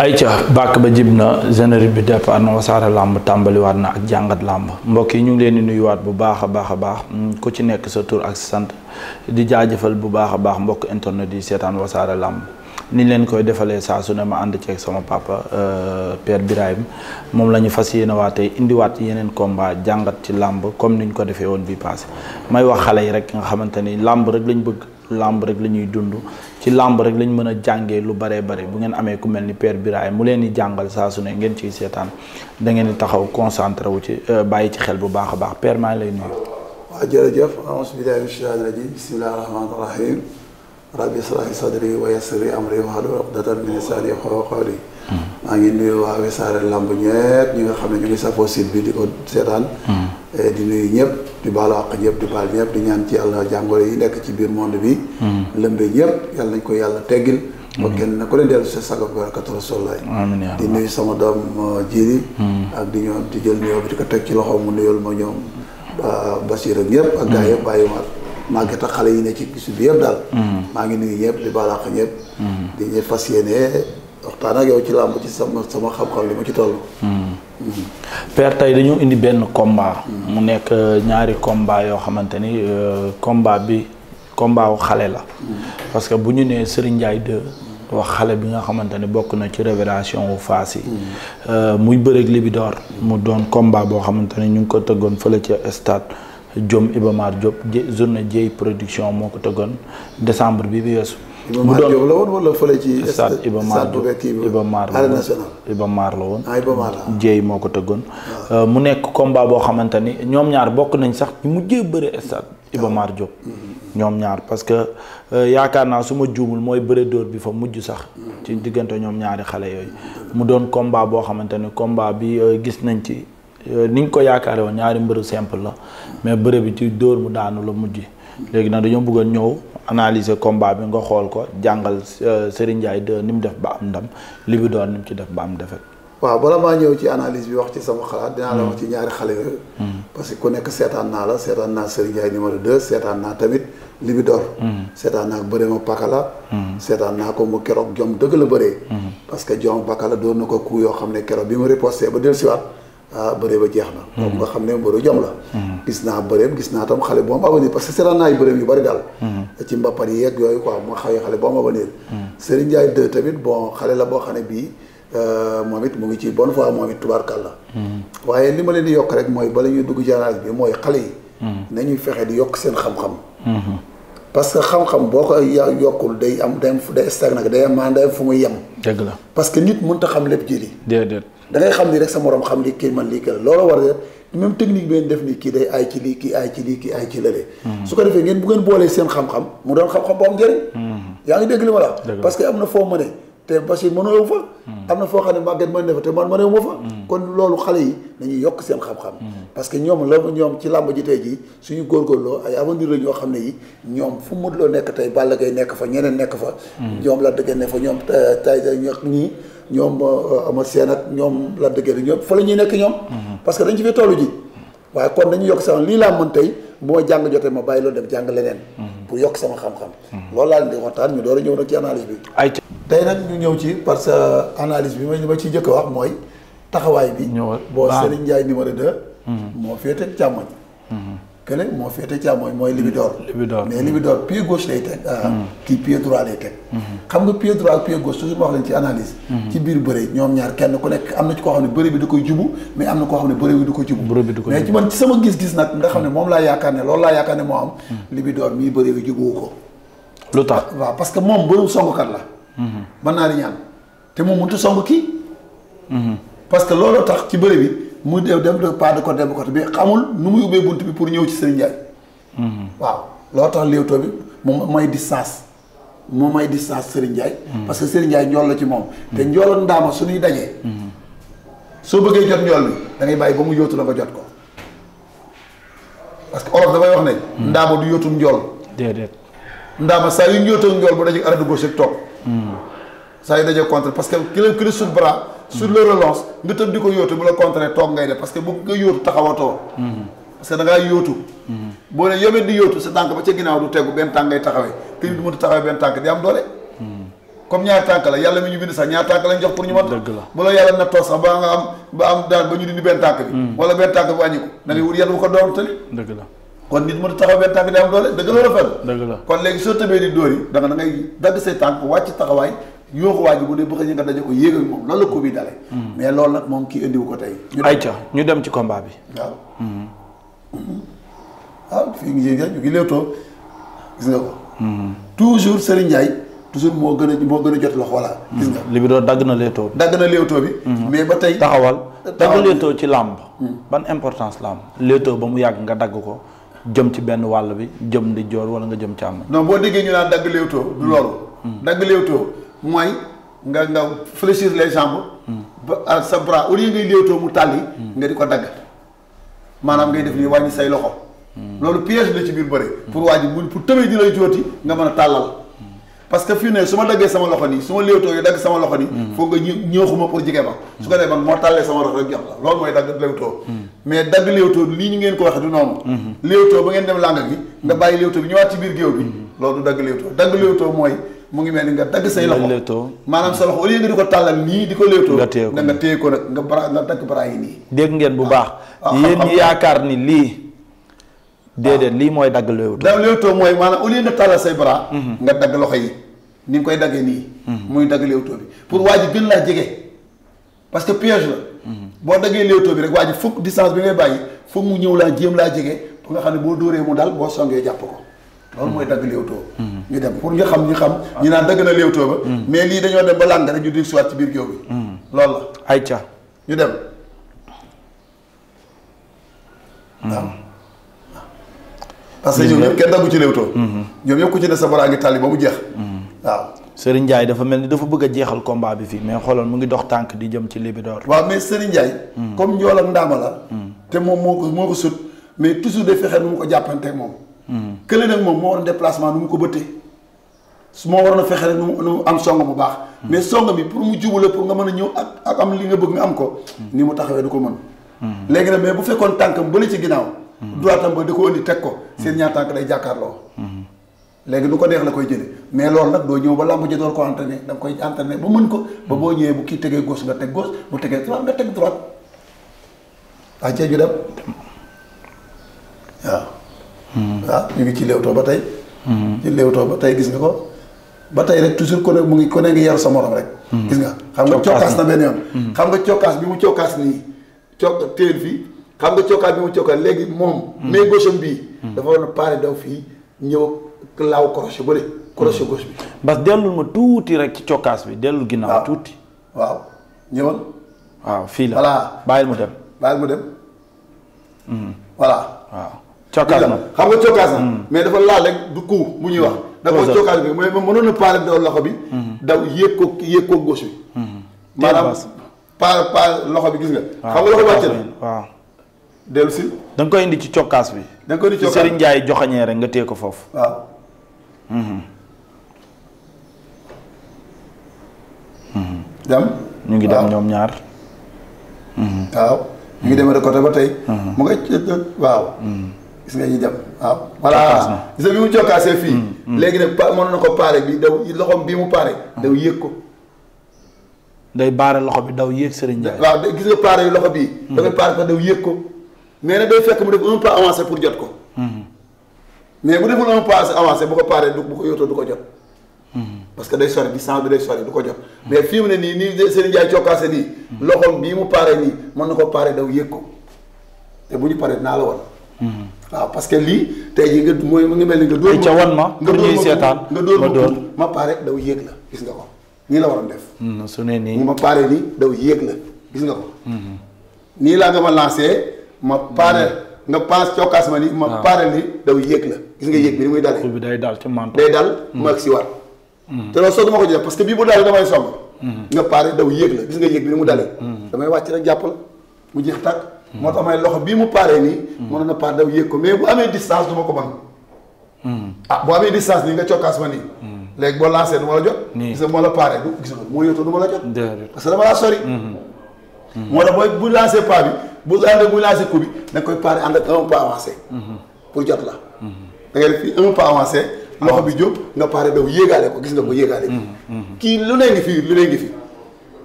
ayca bàkk ba jib na générique bi départ na wasaare làmb tàmbaliwaat na ak jàngat làmb mbokk yi ñu ngi leen di nuyuwaat bu baax a baax a baax mm, ku ci nekk sa tur ak sant di jaajëfal bu baax a baax mbokk internet di seetaan wasaare làmb ni leen koy defalee saa su ne ma ànd ceeg sama papa euh, Père Birahim moom la ñu fas yéene waa tey indiwaat yeneen combat jàngat ci làmb comme ni ñu ko defee woon bi passé may wax xale yi rek nga xamante ni làmb rek lañu bëgg làmb rek la ñuy dund ci làmb rek lañ mën a jàngee lu baree bare bu ngeen amee ku mel ni Père Biraye mu leen di jàngal saa su ne ngeen ciy seetaan da ngeen di taxaw concentré wu ci euh, bàyyi ci xel bu baax a baax per maa lay nuyu. waaw jërëjëf auzu billaahi mina shaytaani rajiim bismillaahi rahmaani rahiim rabbi israh sadri wa yassir amri wahlul uqdatan maa ngi nuyu waa Wassare Lamb ñëpp ñi nga xam ne ñu ngi safoo site bi di ko seetaan eh, di nuyu ñëpp di baalu àq ñëpp di baal ñëpp di ñaan ci yàlla jàngoro yi nekk ci biir monde bi hmm. lëmbe ñëpp yàlla nañ ko yàlla teggil ba hmm. kenn na ku leen dellu sa sagab go rakatu di nuyu sama doom uh, jiiri hmm. ak di ñoom di jël nuyoo bi di ko teg ci loxo mu nuyul ma ñoom uh, Basiir ak ñëpp ak gaa yëpp bàyyi waat màgget ak xale yi ne ci gisu bi yëpp daal. Mm-hmm. maa ngi nuyu ñëpp di baax a ñëpp. Mm-hmm. di fas yéene waxtaan ak yow ci làmb ci sama sama xam-xam li ma ci toll. Mm-hmm. père tey dañu indi benn combat. mu nekk euh, ñaari combat yoo xamante ni euh, combat bi combat xale la. parce que bu ñu nee Serigne Ndiaye 2. wax xale bi nga xamante ne bokk na ci révélation wu Fass yi euh, muy bëreeg Libidor mu doon combat boo xamante ne ñu ngi ko tëggoon fële ca stade. Jom Ibamar Diop journée Dieye production moo ko tëggoon décembre bi bi weesu. mu doon Ibamar la woon wala fële ci. stade Ibamar Ibamar la woon ah, Ibamar moo ko tëggoon. Ah. Euh, mu nekk combat boo xamante ni ñoom ñaar bokk nañ sax ñu mujjee bëre stade Ibamar ah. mm-hmm. ñoom ñaar parce que euh, yaakaar naa su ma juumul mooy bëre dóor bi fa mujj sax. Mm-hmm. ci diggante ñoom ñaari xale yooyu. mu doon combat boo xamante ni combat bi euh, gis nañ ci. Euh, ni ñu ko yaakaare woon ñaari mbëru simple la mais bëre bi ci dóor mu daanu la mujj léegi nag dañoo bëggoon ñëw analyser combat bi nga xool ko jàngal euh, Serigne Ndiaye de ni mu def ba am ndam li bi doon ni mu ci def ba am defet waaw bala maa ñëw ci analise bi wax ci sama xalaat dinaa la hmm. wax ci ñaari xale yooyu hmm. parce que ku nekk seetaan naa la seetaan naa Serigne Ndiaye numéro de seetaan naa tamit li bi dor hmm. seetaan naa bëre ma la seetaan naa ko mu keroog jom dëgg la bëree parce que jom pakala doon na ko yoo xam ne keroog bi mu riposté ba dellusiwaat ah bëree ba jeex na. Hmm. moom nga xam ne mbëru jom la. Hmm. gis naa bëreem gis naa tam xale boo am avenir parce que seetaan naa ay bëreem yu bari daal. Hmm. ci mbappat yi yeeg yooyu quoi mu xaw xale bu am avenir. tamit bon xale la boo xam ne bii euh, moom it mu ngi ci bonne foi moom it tubaarkàlla. waaye li ma leen di yokk rek mooy bala ñuy dugg jaraas mooy xale yi. nañuy fexe di yokk seen xam parce que xam boo ko yokkul day am day day stag nag day am maanaam day fu muy yem. dëgg la parce que nit mënut a xam lépp jëli. déedéet. da xam ni rek sa morom xam ni kii man lii kii la looloo war de même technique bi ngeen def nii kii day aay ci lii kii aay ci lii kii aay ci lële. Hmm. su ko defee ngeen bu ngeen boolee seen xam-xam mu doon xam-xam bu hmm. yaa ngi dégg li ma parce que am na foo mënee te Bachir mënoo fa. Hmm. am na foo xam ne màgget mën ne fa te man mënewu ma fa. kon loolu xale yi nañu yokk seen xam-xam. parce que ñoom la ñoom ci làmb ji tey jii suñu góorgóorloo ay avenir la ñoo xam ne yi ñoom fu mu loo nekk tey Balla Gaye nekk fa ñeneen nekk fa. ñoom la dëgg ne fa ñoom euh, tay ñii ñoom ama euh, euh, seen ak ñoom la dëgër ñoom fa la ñuy nekk ñoom mm-hmm. parce que dañ ci fi tollu ji waaye kon dañu yokk sama lii laa mën tey bu ma jàng jotee ma bàyyi loolu dem jàng leneen mm-hmm. pour yokk sama xam-xam mm-hmm. loolu laa leen di waxtaan ñu door a ñëw nag ci analyse bi tey nag ñu ñëw ci parce que analise bi ma li ma ciy jëkk a wax mooy taxawaay bi ñëwal boo Serigne Ndiaye numéro 2 moo féete càmmoñ kële moo féete càmmooñ mooy libidoor libidoor mm-hmm. mais libidoor mm-hmm. pied gauche lay teg ah, mm-hmm. kii pied droit lay teg xam nga pied droit ak pied gauche toujours ma wax leen ci analyse ci biir bëre ñoom ñaar kenn ku nekk am na ci koo xam ne bëre bi da koy jubu mais am na koo xam ne bëre bi du ko jubu mais ci man ci sama gis-gis nag nga xam ne moom laa yaakaar ne loolu laa yaakaar ne moo am libidoor mii bëre bi jubuwu ko lu tax ah, waaw parce que moom bëru songkat la mën naa di ñaan moom mënut a song kii parce que looloo tax ci bëre bi mu dem dem de pas de côté ba côté bi xamul nu muy ubbee bunt bi pour ñëw ci Serigne mhm. waaw loo tax Leewtoo bi moom may distance moom may distance Serigne Ndiaye. Mhm. parce que Serigne Ndiaye njool la ci moom. Mhm. te njooloon ndaama su ñuy dajee. soo bëggee jot njool bi da ngay bàyyi ba mu yóotu la nga jot ko parce que olof dafay wax ne. ndaama du yootul njool. déedéet. ndaama saa yu ñu yóotoo njool bu dajee arrêté gauche rek toog. saa yu dajee contre parce que ki la ki su le relance nga tëb di ko yóotu bu la contrer toog ngay def parce que nga yóotu taxawatoo parce que da boo ne yemee di yóotu sa tànk ba ca ginnaaw du tegu benn tànk a taxawee di am doole hmm. kon a taxaw benn tànk di am léegi soo tëbee di dóor yi da nga dagg say tànk wàcc taxawaay yoo waa ji bu dee bëgg ñu nga daje ko yéegal moom loolu la ko bi dale hmm. mais loolu nag moom kii indiwu ko tey. ay ayca ñu dem ci kombaa bi. waaw. Hmm. Hmm. Ah, gis nga ko. toujours Serigne Ndiaye toujours moo gën a moo gën a jot loxo voilà. gis dagg na leetoo dagg na leetoo bi. mais ba tey taxawal. dagg leetoo ci làmb. ban importance làmb. leetoo ba mu yàgg nga dagg ko jëm ci benn wàll bi jëm di joor wala nga jëm ci am. non boo déggee ñu naan dagg leetoo du loolu. dagg leetoo. mooy nga nga fléchir les jambes. ba sa bras au lieu ngay léewtoo mu tàlli nga di ko dagg. maanaam ngay def nii wàññi say loxo. loolu piège la ci biir bëre. pour waa ji bu pour tëbee di jooti nga mën a tàllal. parce que fii ne su ma daggee sama loxo nii su ma léewtoo yi dagg sama loxo nii. foog nga ñëexuma pour jigee ma. su ko defee man moo tàllee sama loxo rek jox la loolu mooy dagg léewtoo. mais dagg léewtoo lii ñu ngeen ko waxee du noonu. léewtoo ba ngeen dem làng gi. nga bàyyi léewtoo bi ñëwaat ci biir géew bi. loolu du dagg léewtoo dagg mooy mu ngi mel ni nga dagg say loxo maanaam sa loxo au lieu nga di ko tàllal nii di ko léewtoo nga nga téye ko nag nga bara nga dagg bara nii dégg ngeen bu ah. baax ah, yéen yaakaar ni lii déedéet ah. lii mooy dagg léewtoo da léewtoo mooy maanaam au lieu nga tàllal say bara mhm. nga dagg loxo yi ni nga koy daggee nii mhm. muy dagg léewtoo bi pour waa ji gën laa jege parce que piège la mhm. boo daggee léewtoo bi rek waa ji fukk distance bi ngay bàyyi foog mu ñëw laa jéem laa jege pour nga xam ne boo dóoree mu daal boo songee jàpp ko loolu mooy dagg léewtoo hmm. ñu dem pour ñu xam ñu xam ñu naan dagg na léewtoo ba hmm. mais lii dañoo dem ba làng rek ñu di suwaat ci biir géew bi hmm. loolu la ay ca ñu dem waaw parce que ñoom ñëpp kenn daggu ci léewtoo ñoom ñëpp ku ci ne sa boraa ngi tàlli ba mu jeex waaw Serigne Ndiaye dafa mel ni dafa bëgg a jeexal combat bi fii mais xoolal mu ngi dox tànk di jëm ci Libidor waaw mais Serigne Ndiaye comme njool ndaama la te moom moo ko moo ko sut mais toujours day fexe nu mu kële nag moom moo waroon déplacement nu mu ko bëttee su moo waroon a fexe rek nu am song bu baax. mais song bi pour mu jubale pour nga mën a ñëw ak am li nga bëgg nga am ko. ni mu taxawee du ko mën. léegi nag mais bu fekkoon tànkam bële ci ginnaaw. droitam ba da ko indi teg ko. seen ñaar tànk day jàkkaarloo. léegi nu ko neex la koy jële mais loolu nag doo ñëw ba làmb ji door ko entraîné da koy entraîné ba mën ko. ba boo ñëwee bu kii tegee gauche nga teg gauche bu tegee droite nga teg droite. waa waaw ah, ñu ngi ci Leewtoo ba tey. Hmm. ci Leewtoo ba tey gis nga ko ba tey rek toujours ku ne mu ngi ku ne ngi yaru sa morom rek. Hmm. gis nga xam nga cokkaas na benn yoon. Hmm. xam nga cokkaas bi mu cokkaas nii cok téel fii xam nga cokkaas bi mu cokkaas léegi moom. mais gauche bii. dafa war fii ñëw laaw crochet bële crochet gauche bi. bas dellul ma tuuti rek ci cokkaas bi dellul ginnaaw ah. tuuti. waaw ñëwal. waaw fii la voilà bàyyil mu dem. bàyyil mu dem. waaw. cokkaas na xam nga cokkaas na hmm. mais dafa laal rek du coup bu ñuy wax hmm. da ko cokkaas bi mooy mënoon na paale daw loxo bi hmm. daw yéeg ko yéeg ko gauche bi maanaam pa pa loxo bi gis nga xam nga loxo wàcc na waaw dellu si da nga koy indi ci cokkaas bi da nga koy indi ci Serigne Ndiaye joxañee rek nga téye ko foofu waaw jam ñu ngi dem ñoom ñaar waaw ñu ngi demee de côté ba tey mu nga waaw gis nga ñi dem waaw. voilà gis nga bi mu jokkaasee fii. Mm, mm. léegi nag pa mënoon na ko paare bi daw loxoom bii mu pare mm. daw yéeg ko. day baare loxo bi daw yéeg Serigne Ndiaye. waaw gis nga paare yu loxo bii. da koy paare ko daw yéeg ko. mais nag day fekk mu def un pas avancé pour jot ko. mais bu deful un pas avancé bu ko paree du bu ko yóotoo du ko jot. parce que day sore bi bi day sore du ko jot. mais fii mu ne nii nii Serigne Ndiaye jokkaase nii. loxoom bii mu paaree nii mën na ko paaree daw yéeg ko te bu ñu paree naa la woon. waaw parce que lii tey jii nga mooy mu ngi mel ni nga. dóor ca wan ma seetaan nga dóor ma dóor ma pare daw yéeg la gis nga ko nii la waroon def. Hmm, su ne nii ma pare nii daw yéeg la gis nga hmm. nii laa nga ma lancé ma pare hmm. nga paas cokkaas ma ni ma ah. pare daw yéeg la gis nga yéeg bi ni muy dalee. bi day dal day dal ma si war. te loolu soo parce que bii bu dalee damay song. nga pare daw yéeg la yéeg mu dalee. damay jeex tàkk. moo tax may loxo bii mu paree nii. Mm. mënoon na paar daw yéeg ko mais bu amee distance du ma ko bañ. Mm. ah bu amee distance nii nga cokkaas ma nii. Mm. léegi boo lancé du la jot. nii gis nga moo la paree du gis nga moo mm-hmm. Mm-hmm. bu lancé pas bu lancé bu lancé coup da nga koy paree ànd mm-hmm. jot la. da ah. loxo bi jóg nga pare daw yéegaale ko gis nga ko yéegaale kii lu ne ngi fii lu ne ngi fii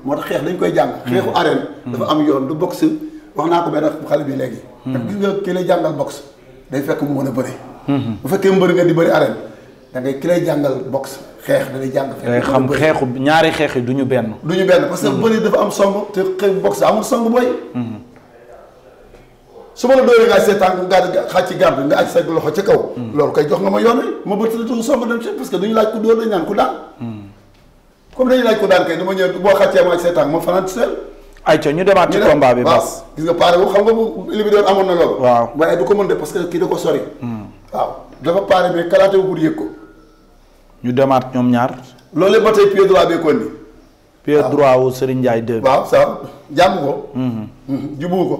moo tax xeex dañ koy jàng. xeexu arène. dafa am yoon du boxe wax naa ko benn xale bi léegi. ndax hmm. gis jàngal box day fekk mu mën a bëri. Hmm. bu fekkee mbër nga di bëri arène da ngay ki lay jàngal box xeex da lay jàng. day xam xeexu ñaari xeex yi du ñu benn. du ñu benn parce que hmm. bëri dafa am song te xeex box amul song booy. su ma la dóoree nga seetaan nga xaaj ci garde nga aj sa loxo ci kaw. loolu koy jox nga ma yoon ma bëtt la tuuti song dem ci parce que duñu laaj ku dóor dañu naan ku daan. comme dañu laaj ku daan kay dama ñëw boo xàccee ayca ñu demaat ci combat bi bas gis nga pare bu xam nga bu li amoon na loolu. waaw waaye du ko mën de parce kii da ko sori. Hmm. waaw dafa pare mais kalaate bu yëg ko. ñu demaat ñoom ñaar. loolu ba tey pied droit bee ko indi. pied droit wu Serigne Ndiaye 2. waaw ça jàmm ko. Hmm. Hmm, jibu ko.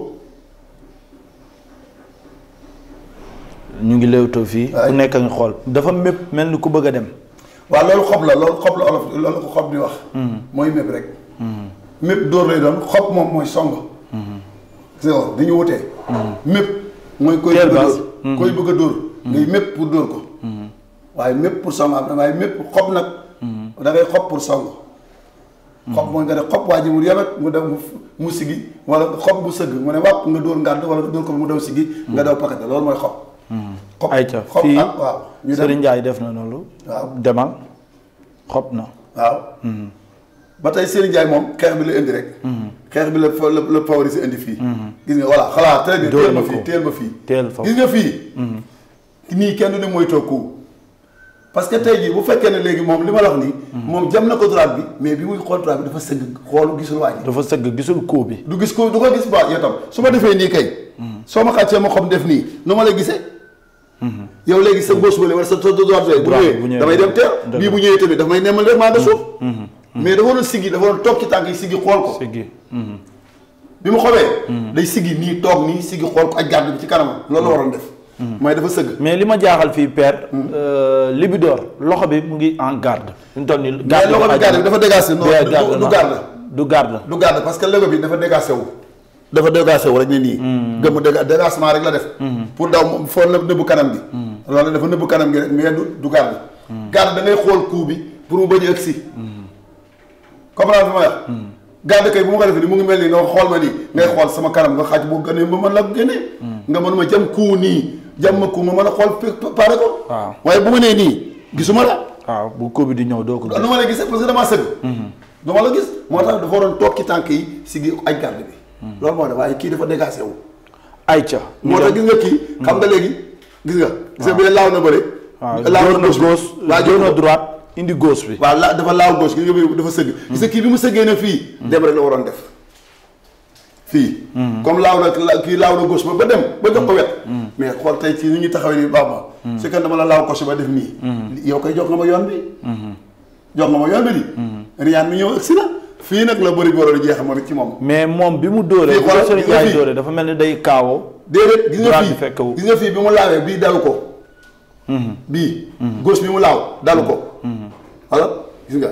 ñu ngi léewtoo fii. ku nekk nga xool dafa mépp mel ni ku bëgg a dem. waa loolu xob la loolu xob la olof loolu ko xob di wax. mooy mépp rek. mépp dóor lay doon xob moom mooy song. gis nga dañu wutee. mépp mooy koy mm-hmm. bëgg a dóor koy bëgg dóor. ngay mépp pour dóor ko. Mm-hmm. waaye mépp pour song am na mépp xob nag. Mm-hmm. da xob pour song. xob mooy nga def xob waa ji mu yemet mu dem mu sigi wala xob bu sëgg mu ne wàpp nga dóor ngàdd wala nga dóor ko mu daw sigi. nga daw paquet loolu mooy xob. xob ayca fii ah, waaw Serigne def na loolu. waaw demal xob na waaw. ba tey Serigne Ndiaye moom xeex bi la indi rek. xeex bi la la la favoriser indi fii. gis nga voilà xalaat très teel ma fii teel ma fii. nga fii. Mm-hmm. nii kenn du mooy tokku. parce que tey jii bu fekkee ne léegi moom li ma la wax nii. Mm-hmm. moom jam na ko droite bi mais bi mu xool droite dafa sëgg xoolu gisul waa ji. dafa sëgg gisul bi. du gis ko du ko gis ba yow tam defee nii kay. Mm-hmm. soo ma xàccee ma xam def nii nu ma lay gisee. yow léegi sa gauche wala sa bu ñëwee damay dem teel bii bu ñëwee tamit daf may nemmal rek maa nga suuf. Mhm. mais dafa waroon siggi dafa waroon toog ci tànk yi siggi xool ko. Mhm. bi mu xobee. Mhm. day siggi nii toog nii siggi xool ko ak garde bi ci kanamam. loolu waroon def. mooy dafa sëgg. mais li ma jaaxal fii père. Euh, libidoor loxo bi mu ngi en garde. fi mu toll nii garde loxo bi garde bi dafa dégagé. non du garde du garde. du que légo bi dafa dégagé wu. dafa dégagé wu rek ne nii. gëmm déga dégagement rek la def. pour daw foo nëbbu kanam gi. loolu dafa nëbbu kanam gi rek mais du garde. garde da xool coup bi pour mu bañ a ëgsi. comprendre ma wax hmm. garde kay bu ma ko defee ni mu ngi mel nii nga xool ma nii ngay xool sama kanam nga xaaj bu gënee ba mën la génne hmm. nga mën ma jam kuu nii jam ma kuu ma mën a xool pare ko waaye bu ma nee nii gisuma la waaw bu ko bi di ñëw doo ko lu ma la gis parce que damaa sëgg hmm. dama la gis moo tax dafa waroon toog ci tànk si gi aj garde bi loolu moo tax waaye kii dafa dégagé wu ay ca moo tax gis nga kii xam nga léegi gis nga gis nga bi laaw na bëre laaw na gauche waaw jox na droite indi gauche bi. waaw la dafa laaw gauche gi dafa sëgg. gis kii bi mu sëggee na fii. Hmm. dem la waroon def. fii. Hmm. comme laaw na kii laaw na gauche ba ba dem ba jox ko hmm. wet. mais xool tey ci ni ñuy taxawee nii baax ma. c'est que dama la laaw gauche yow koy jox nga yoon bi. jox nga ma yoon bi di. Riyaan mi ñëw na. fii la bëri bi waroon jeex ci moom. mais moom bi mu dóoree. fii dafa mel ni day kaawoo. déedéet gis nga fii gis fii bi mu laawee bii dalu ko. bii gauche bi mu laaw dalu ko. Mm-hmm. alors gis nga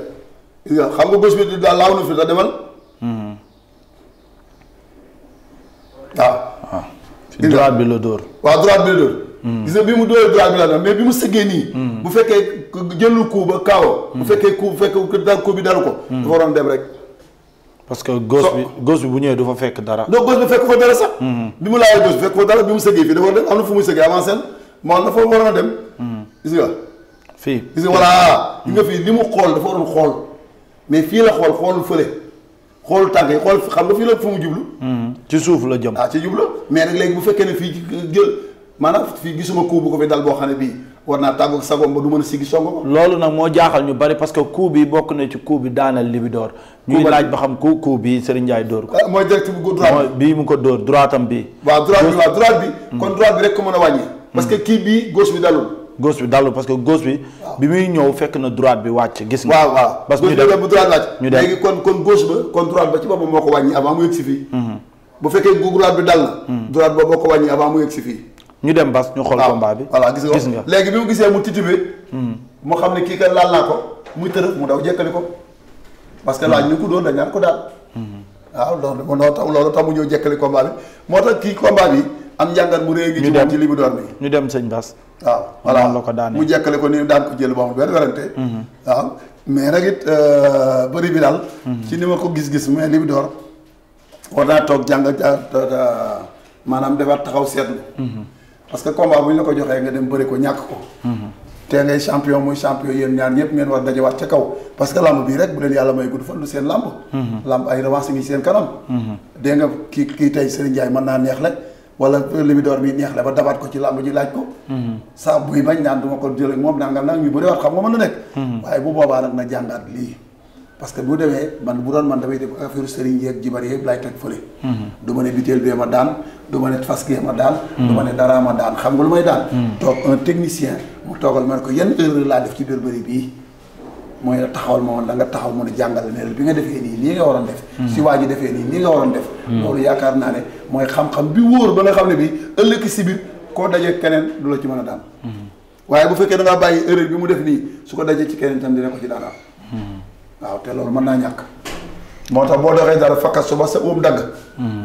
gis nga xam nga bés bi daal laaw na fi sax demal. waaw. waaw ci droite la dóor. waaw droite bi la dóor. Mm-hmm. nga bi mu dóoree droite bi mais bi mu sëggee nii. Mm-hmm. bu fekkee jëlul coup ba kaawa. bu fekkee coup bu fekkee daal coup bi dalu ko. waroon dem rek. parce que gauche bi gauche bu ñëwee du fa fekk dara. donc gauche bi fekk fa dara sax. mu laajee gauche bi fekk fa dara bi mu sëggee fii dafa dem am na fu muy sëggee avancé na moo na a dem. gis nga. fii gis nga voilà. ñu li mu xool dafa waroon xool mais fii la xool xoolul fële xoolul tànk yi xool xam nga fii la fu mu jublu. Hmm, ci suuf la jëm. ah ci jublu mais nag léegi bu fekkee ne fii jël maanaam fii gisuma coup bu ko fi dal xam ne bii war naa tàggu ak sagoom ba du mën a siggi songo ko. loolu moo jaaxal ñu bari parce que coup bi bokk na ci coup bi daaneel Libidor. ñuy laaj ba xam coup coup bi Serigne Ndiaye dóor ko. Ah, mooy direct bu ko droite bi bii mu ko dóor droitam bi waaw droite bi hmm. kon droite bi rek ko mën a wàññi. parce que hmm. kii bii gauche bi dalul goos bi dallu parce que gauche bi. bi muy ñëw fekk na droite bi wàcc. gis nga waaw waaw parce que ñu dem bu droite wàcc. ñu dem léegi kon kon gauche ba kon droite ba ci boppam moo ko wàññi avant mu yegg si fii. Mhm. bi dal na. Mhm. droite ko wàññi avant mu si fii. ñu dem bas ñu xool combat bi. voilà gis nga gis nga léegi bi mu gisee mu titubé. Mhm. mu xam ne kii kat laal naa ko muy tërëf mu daw jékkali ko. parce que laaj ñu ko doon dañ naan ko daal. waaw loolu moo tax loolu tax mu ñëw jékkali combat bi moo tax kii combat bi am njàngat bu rëy gi ci moom ci li mu doon bi ñu dem sëñ Bass waaw voilà la ko daane mu jekkale ko ni daan ko jël boo xam benn mhm. waaw mais nag it euh, bëri bi daal mhm. ci ni ma ko gis-gis mais li mu door war naa toog jàng maanaam defaat taxaw seetlu mhm. parce que combat bu ñu la ko joxee nga dem bëri ko ñàkk ko te ngay champion muy champion yéen ñaar ñëpp ngeen war dajewaat ca kaw parce que làmb bii rek bu leen yàlla may gudd fan seen làmb làmb ay revanche ngi seen kanam nga kii kii tey Serigne Ndiaye mën naa neex rek wala libidoor bi neex la ba dabaat ko ci làmb ji laaj ko mhm. saa buy bañ naan du ma ko jël moom nangam nag ñu bëri waat xam nga mën na nekk mhm. waaye bu boobaa nag na jàngaat lii parce que bu demee man bu doon man damay def affaire sëriñ yeeg jibar yeeg laay teg fële mhm. du ma ne biteel bee ma daan du ne fas ma daan du ne daraa ma daan xam nga lu may daan toog un technicien mu toogal man ko yan laa def ci biir bëri bii mooy la taxawal ma woon la nga taxaw mën a jàngale ne bi nga defee nii nii nga waroon def si waa ji defee nii nii nga waroon def hmm. loolu yaakaar naa ne mooy xam-xam bi wóor ba nga xam ne bi ëllëg si biir koo dajee keneen du la ci mën a daan hmm. waaye bu fekkee da ngaa bàyyi erreur bi mu def nii su ko ci keneen tam dina ko ci daan hmm. waaw te loolu mën naa ñàkk moo tax boo doxee dara fakkas su ba sa uum dagg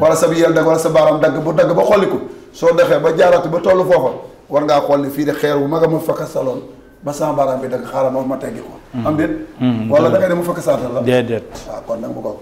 wala sa yel dagg wala sa baaxam dagg bu dagg ba xolli xolliku soo doxee ba jaaratu ba toll foofa war ngaa xool fii de xeer bu mag a ma fakkas sa ba sama baaraam bi dagg xaaral ma ma teggi ko. Mm. am déet. Mm, wala dangay dem fekk saatal la. Ah, kon nag mu ko.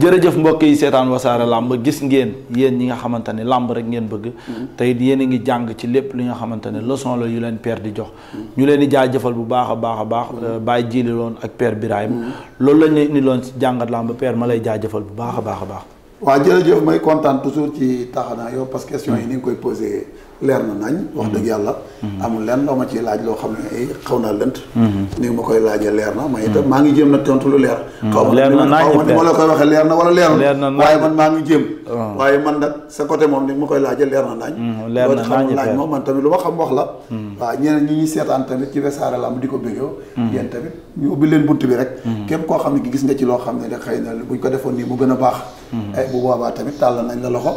jërëjëf mbokk yi seetaan wasaare làmb gis ngeen yéen ñi nga xamante ne làmb rek ngeen bëgg mm. tey yéen a ngi jàng ci lépp li nga xamante ne leçon la yu leen père di jox ñu leen di jaajëfal bu baax a baax a baax euh, bàyyi jiili loon ak père Birahim loolu lañ leen indi loon ci jàngat làmb père ma lay jaajëfal bu baax a baax a baax waaw jërëjëf may kontaan toujours ci taxanaa yow parce que question yi ni nga koy posé leer na nañ wax dëgg mhm. yàlla mhm. amul lenn loo ma ciy laaj loo xam ne eh, xaw naa lënt mhm. ni ma koy laajee leer na ma itam maa ngi jéem nag tontu lu leer xaw ma xaw ma ni la koy waxee leer na wala leer na waaye man maa ngi jéem oh. waaye man nag sa côté moom ni ma koy laajee leer na nañ loolu xam laaj lu ma xam wax la waaw ñeneen ñi ñuy seetaan tamit ci Wassare Lamb di ko bégoo yéen tamit ñu ubbi leen bunt bi rek képp koo xam ne gis nga ci loo xam ne rek xëy na buñ ko defoon nii mu gën a baax ay eh, bu boobaa tamit tàll nañ la loxo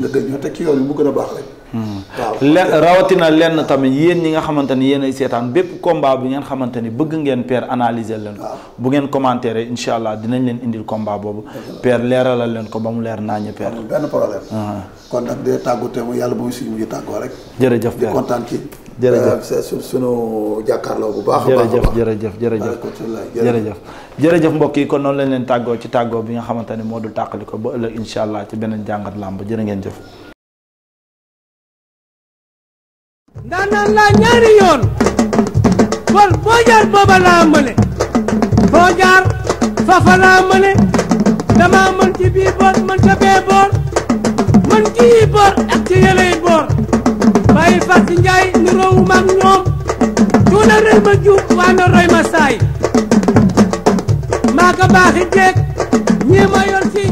nga gën ñoo teg ci yoon yi mu gën a baax rek waaw hmm. lenn rawatina lenn tamit yéen ñi nga xamante ni yéen ay seetaan bépp combat bi ngeen xamante ni bëgg ngeen père analyser leen ko bu ngeen commentaire incha allah dinañ leen indil combat boobu père leeralal leen ko ba mu leer naañu père benn problème ah. kon nag de tàggu te mu yàlla bu mu si mujj tàggoo rek jërëjëf père di kontaan ci jërëjëf euh, su jërëjëf jërëjëf jërëjëf jërëjëf jërëjëf mbokk yi kon noonu lañ leen tàggoo ci tàggoo bi nga xamante ni moo dul tàqali ba ëllëg incha allah ci beneen jàngat làmb jërë ngeen jëf ndaanaan laa ñaari yoon bol laa mëne foo jaar fafa laa mëne dama mën ci mën ca mën ci yi boor ak ci yeley boor bàyyi fas ñoom cuuna rëy ma waa na roy maa ko baaxi ñii ma yor